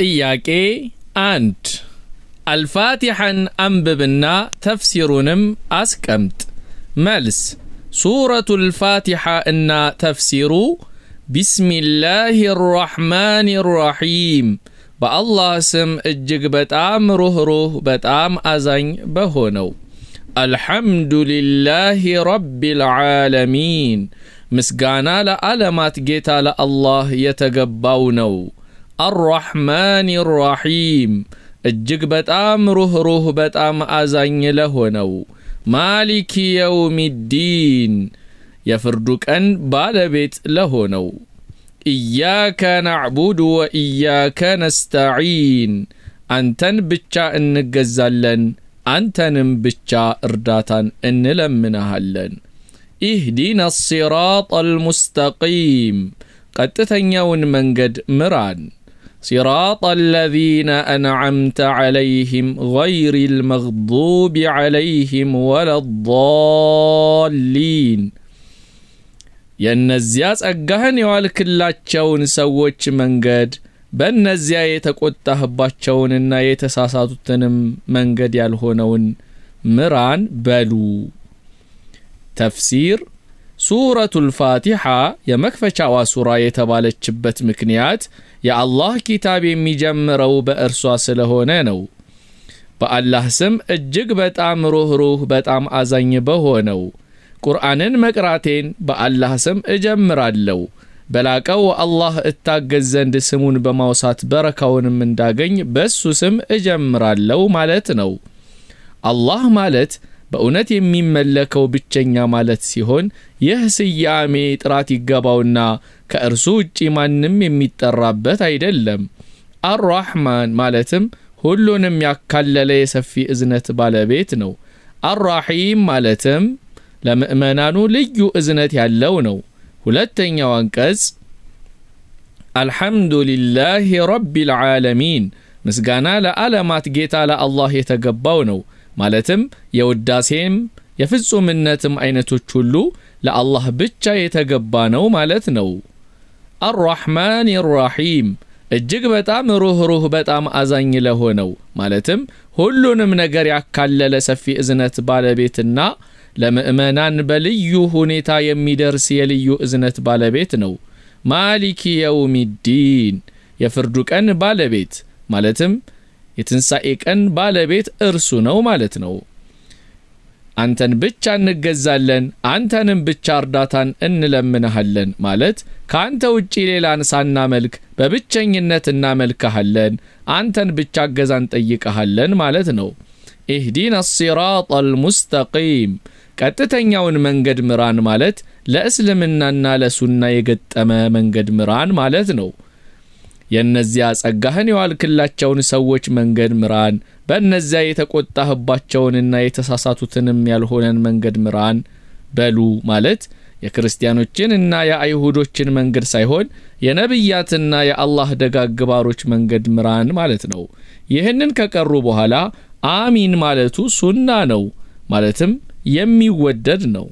ጥያቄ አንድ አልፋቲሐን አንብብና ተፍሲሩንም አስቀምጥ። መልስ ሱረቱ ልፋቲሐ እና ተፍሲሩ ቢስሚላህ ራሕማን ራሒም በአላህ ስም እጅግ በጣም ሩኅሩህ በጣም አዛኝ በሆነው አልሐምዱ ሊላህ ረቢል ዓለሚን ምስጋና ለዓለማት ጌታ ለአላህ የተገባው ነው። አራሕማን ራሒም እጅግ በጣም ሩኅሩህ በጣም አዛኝ ለሆነው ማሊኪ የውሚዲን የፍርዱ ቀን ባለቤት ለሆነው ኢያከ ናዕቡድ ወኢያከ ነስተዒን አንተን ብቻ እንገዛለን አንተንም ብቻ እርዳታን እንለምንሃለን ኢህዲና ሲራጥ አልሙስተቂም ቀጥተኛውን መንገድ ምራን صراط الذين أنعمت عليهم غير المغضوب عليهم ولا الضالين የእነዚያ ጸጋህን የዋልክላቸውን ሰዎች መንገድ በእነዚያ የተቆጣህባቸውንና የተሳሳቱትንም መንገድ ያልሆነውን ምራን በሉ ተፍሲር ሱረቱል ፋቲሓ የመክፈቻዋ ሱራ የተባለችበት ምክንያት የአላህ ኪታብ የሚጀምረው በእርሷ ስለሆነ ነው። በአላህ ስም እጅግ በጣም ሩኅሩህ በጣም አዛኝ በሆነው ቁርአንን መቅራቴን በአላህ ስም እጀምራለሁ በላቀው አላህ እታገዝ ዘንድ ስሙን በማውሳት በረካውንም እንዳገኝ በሱ ስም እጀምራለሁ ማለት ነው። አላህ ማለት በእውነት የሚመለከው ብቸኛ ማለት ሲሆን ይህ ስያሜ ጥራት ይገባውና ከእርሱ ውጪ ማንም የሚጠራበት አይደለም። አራሕማን ማለትም ሁሉንም ያካለለ የሰፊ እዝነት ባለቤት ነው። አራሒም ማለትም ለምእመናኑ ልዩ እዝነት ያለው ነው። ሁለተኛው አንቀጽ አልሐምዱ ልላህ ረቢ ዓለሚን ምስጋና ለዓለማት ጌታ ለአላህ የተገባው ነው። ማለትም የውዳሴም የፍጹምነትም አይነቶች ሁሉ ለአላህ ብቻ የተገባ ነው ማለት ነው። አራሕማን ራሒም እጅግ በጣም ሩህ በጣም አዛኝ ለሆነው ማለትም ሁሉንም ነገር ያካለለ ሰፊ እዝነት ባለቤትና ለምእመናን በልዩ ሁኔታ የሚደርስ የልዩ እዝነት ባለቤት ነው። ማሊኪ የውሚዲን የፍርዱ ቀን ባለቤት ማለትም የትንሣኤ ቀን ባለቤት እርሱ ነው ማለት ነው። አንተን ብቻ እንገዛለን፣ አንተንም ብቻ እርዳታን እንለምንሃለን ማለት ከአንተ ውጪ ሌላን ሳናመልክ በብቸኝነት እናመልክሃለን፣ አንተን ብቻ እገዛ እንጠይቀሃለን ማለት ነው። ኢህዲን አሲራጥ አልሙስተቂም ቀጥተኛውን መንገድ ምራን ማለት ለእስልምናና ለሱና የገጠመ መንገድ ምራን ማለት ነው። የእነዚያ ጸጋህን የዋልክላቸውን ሰዎች መንገድ ምራን፣ በእነዚያ የተቆጣህባቸውንና የተሳሳቱትንም ያልሆነን መንገድ ምራን በሉ ማለት የክርስቲያኖችን እና የአይሁዶችን መንገድ ሳይሆን የነቢያትና የአላህ ደጋግ ባሮች መንገድ ምራን ማለት ነው። ይህንን ከቀሩ በኋላ አሚን ማለቱ ሱና ነው፣ ማለትም የሚወደድ ነው።